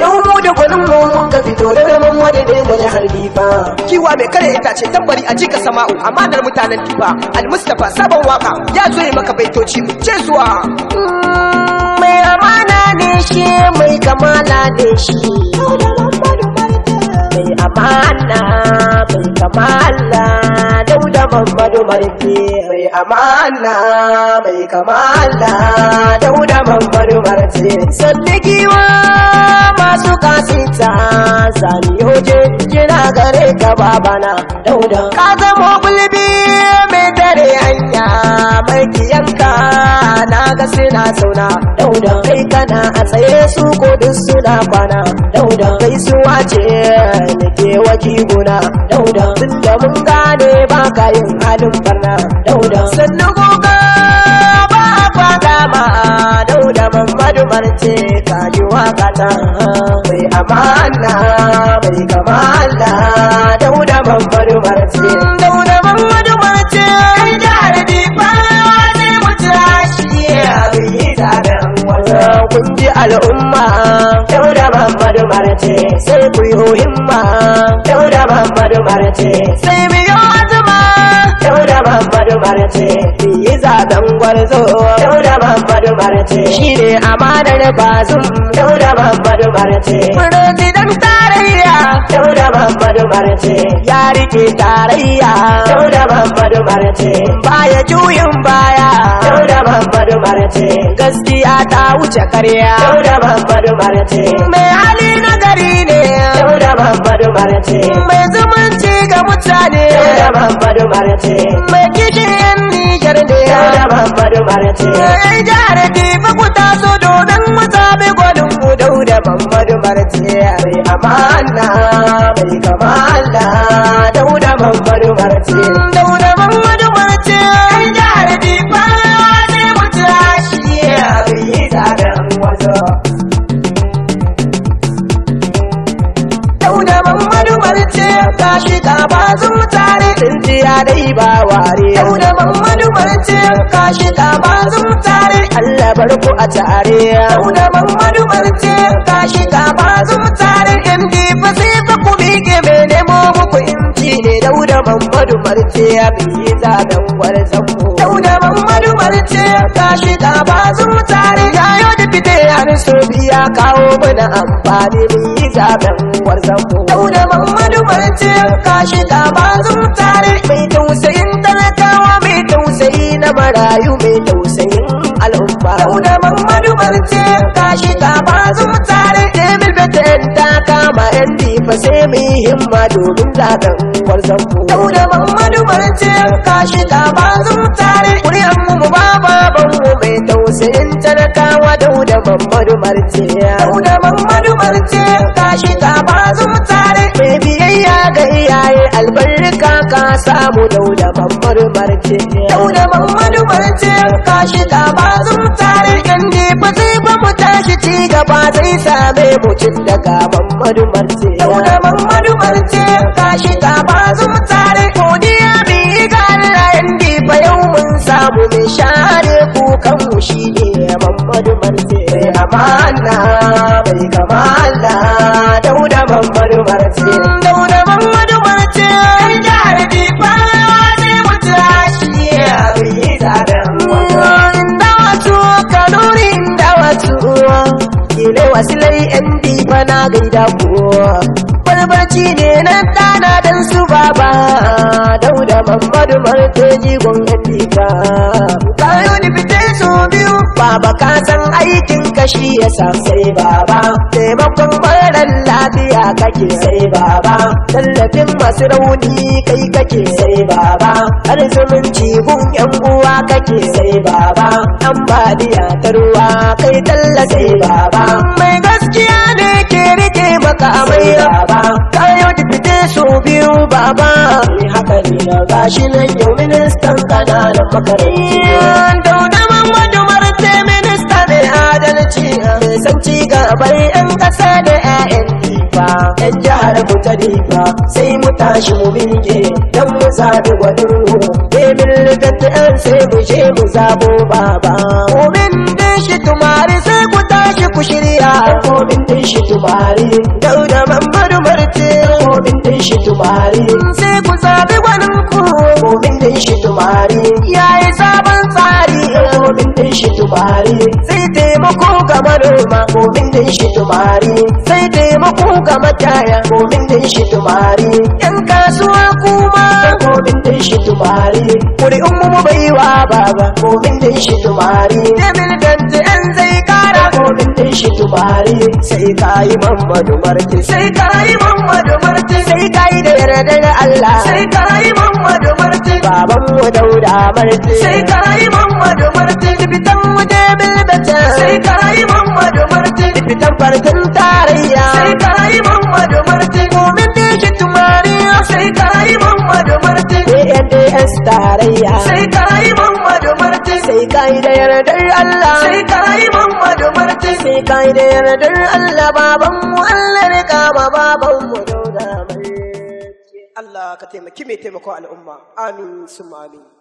Yau mu da gwanin mu mun ka fito da da Kiwa mai kare itace tambari a jika sama'u amanar mutanen Al-Mustapha, sabon waka ya zo maka baitoci mu ce zuwa. Mm, mai amana ne shi mai kamala ne shi. Mai amana mai kamala da Muhammadu Marke mai amana mai kamala Dauda Muhammadu Marke sandigiwa masu kasita zaniyoje jina gare ka babana Dauda ka zama gulbi mai dare hanya mai kiyanka na ga suna sauna dauda kai kana a tsaye su ko duk suna kwana dauda kai su wace ke waki guna dauda tun da mun gane ba ka yin halin barna dauda sannu goga ba a kwada ma dauda mamadu marce ka ji ta mai amana mai Allah dauda mamadu marce barce sai ku yi himma dauda muhammadu barce sai mu yi azuma dauda muhammadu barce ku yi zaben gwarzo dauda muhammadu barce shine amanar bazum dauda muhammadu barce चौरव मर मर छे यार के तारैया चौरव मर मर छे पाय जुयम बाया चौरव मर मर छे गस्तिया ता उच करया चौरव मर मर छे मैं आली नगरी ने चौरव मर मर छे मैं जमन छे गमुचा ने चौरव मर मर छे Muhammadu martiyar amana mai kamala dauda Muhammadu martiyar dauda Muhammadu martiyar jihar Bifa sai mu tashi yi taron wazo dauda Muhammadu shi ta gaba sun tare tsintiya dai ba ware dauda Muhammadu shi ta gaba sun tare Allah barku a tare dauda Muhammadu martiyar marce ya da kwar zango. mu dauda mamadu marce ka shiga bazin bazu mutane. yau da fite har so biya kawo mana amfani biyi zaben gwarzon mu dauda mamadu marce ka da bazu mutane. mai tausayin talakawa mai tausayi na marayu mai tausayin al'umma dauda mamadu marce ka da bazu mutane. emil beten ta kama yan sai mu yi himma domin zaɓen kwarzon mu. Dauda Muhammadu Barci ka shiga bazin tare ƙuryan mu mu ba baban mu mai tausayin talakawa Dauda Muhammadu Barci. Dauda Muhammadu Barci ka shiga bazin tare mai biyayya ga iyaye albarka ka samu Dauda Muhammadu Barci. Dauda Muhammadu Barci ka shiga bazin tare da ba zai same mutum daga gaban madumarce. Yau da man madumarce ka shi ta ba zum tare ya bi gani rayan fa yau mun samu mai share kukan mu shi ne Muhammadu Marce. Mai amana mai kamala Dauda Muhammadu Marce. Dauda na gaida ku barbarci ne na tana dan su baba dauda mamadu marteji gwamnati ka kayo ni fite so biyu baba ka san aikin kashi ya sa sai baba taimakon marar lafiya kake sai baba tallafin masu rauni kai kake sai baba har zumunci gun yan uwa kake sai baba ambaliya ta ruwa kai talla sai baba gaskiya ne ke rike baka amayya ba kayo da fite so biyu baba ni haka ne na gashi nan yau ministan da makarantu dauda mamadu marte minista mai adalci mai san ci yan kasa da 'ya'yan difa yan jihar mu ta difa sai mu tashi mu miƙe dan mu zaɓi gwanin mu demin littattafan sai mu je mu zabo baba. Omin da shi tumari sai ku shirya ko din din shi tubari dauda mambar marte ko din din shi tubari sai ku zabi wani ku ko din din shi tubari yayi sabon tsari ko din din shi tubari sai taimako ga manoma ko din din shi tubari sai taimako ga mataya ko din din shi tubari yan kasuwa kuma ko din din shi tubari kuri ummu baiwa baba ko din din shi tubari da milkan ta yan shi tubari sai kayi mamadu martin sai kayi mamadu martin sai kayi da yardar Allah sai kayi mamadu martin baban mu dauda martin sai kayi mamadu martin dibitan mu je bilbata sai kayi mamadu martin dibitan farkin tarayya sai kayi mamadu martin mumin da shi tumari sai kayi mamadu martin ANDS tarayya sai kayi mamadu martin sai kayi da yardar Allah sai kayi kai kai da yardar Allah babanmu Allah rika ma babanmu dauda mai Allah ka taimaki mai taimakon al'umma amin summa amin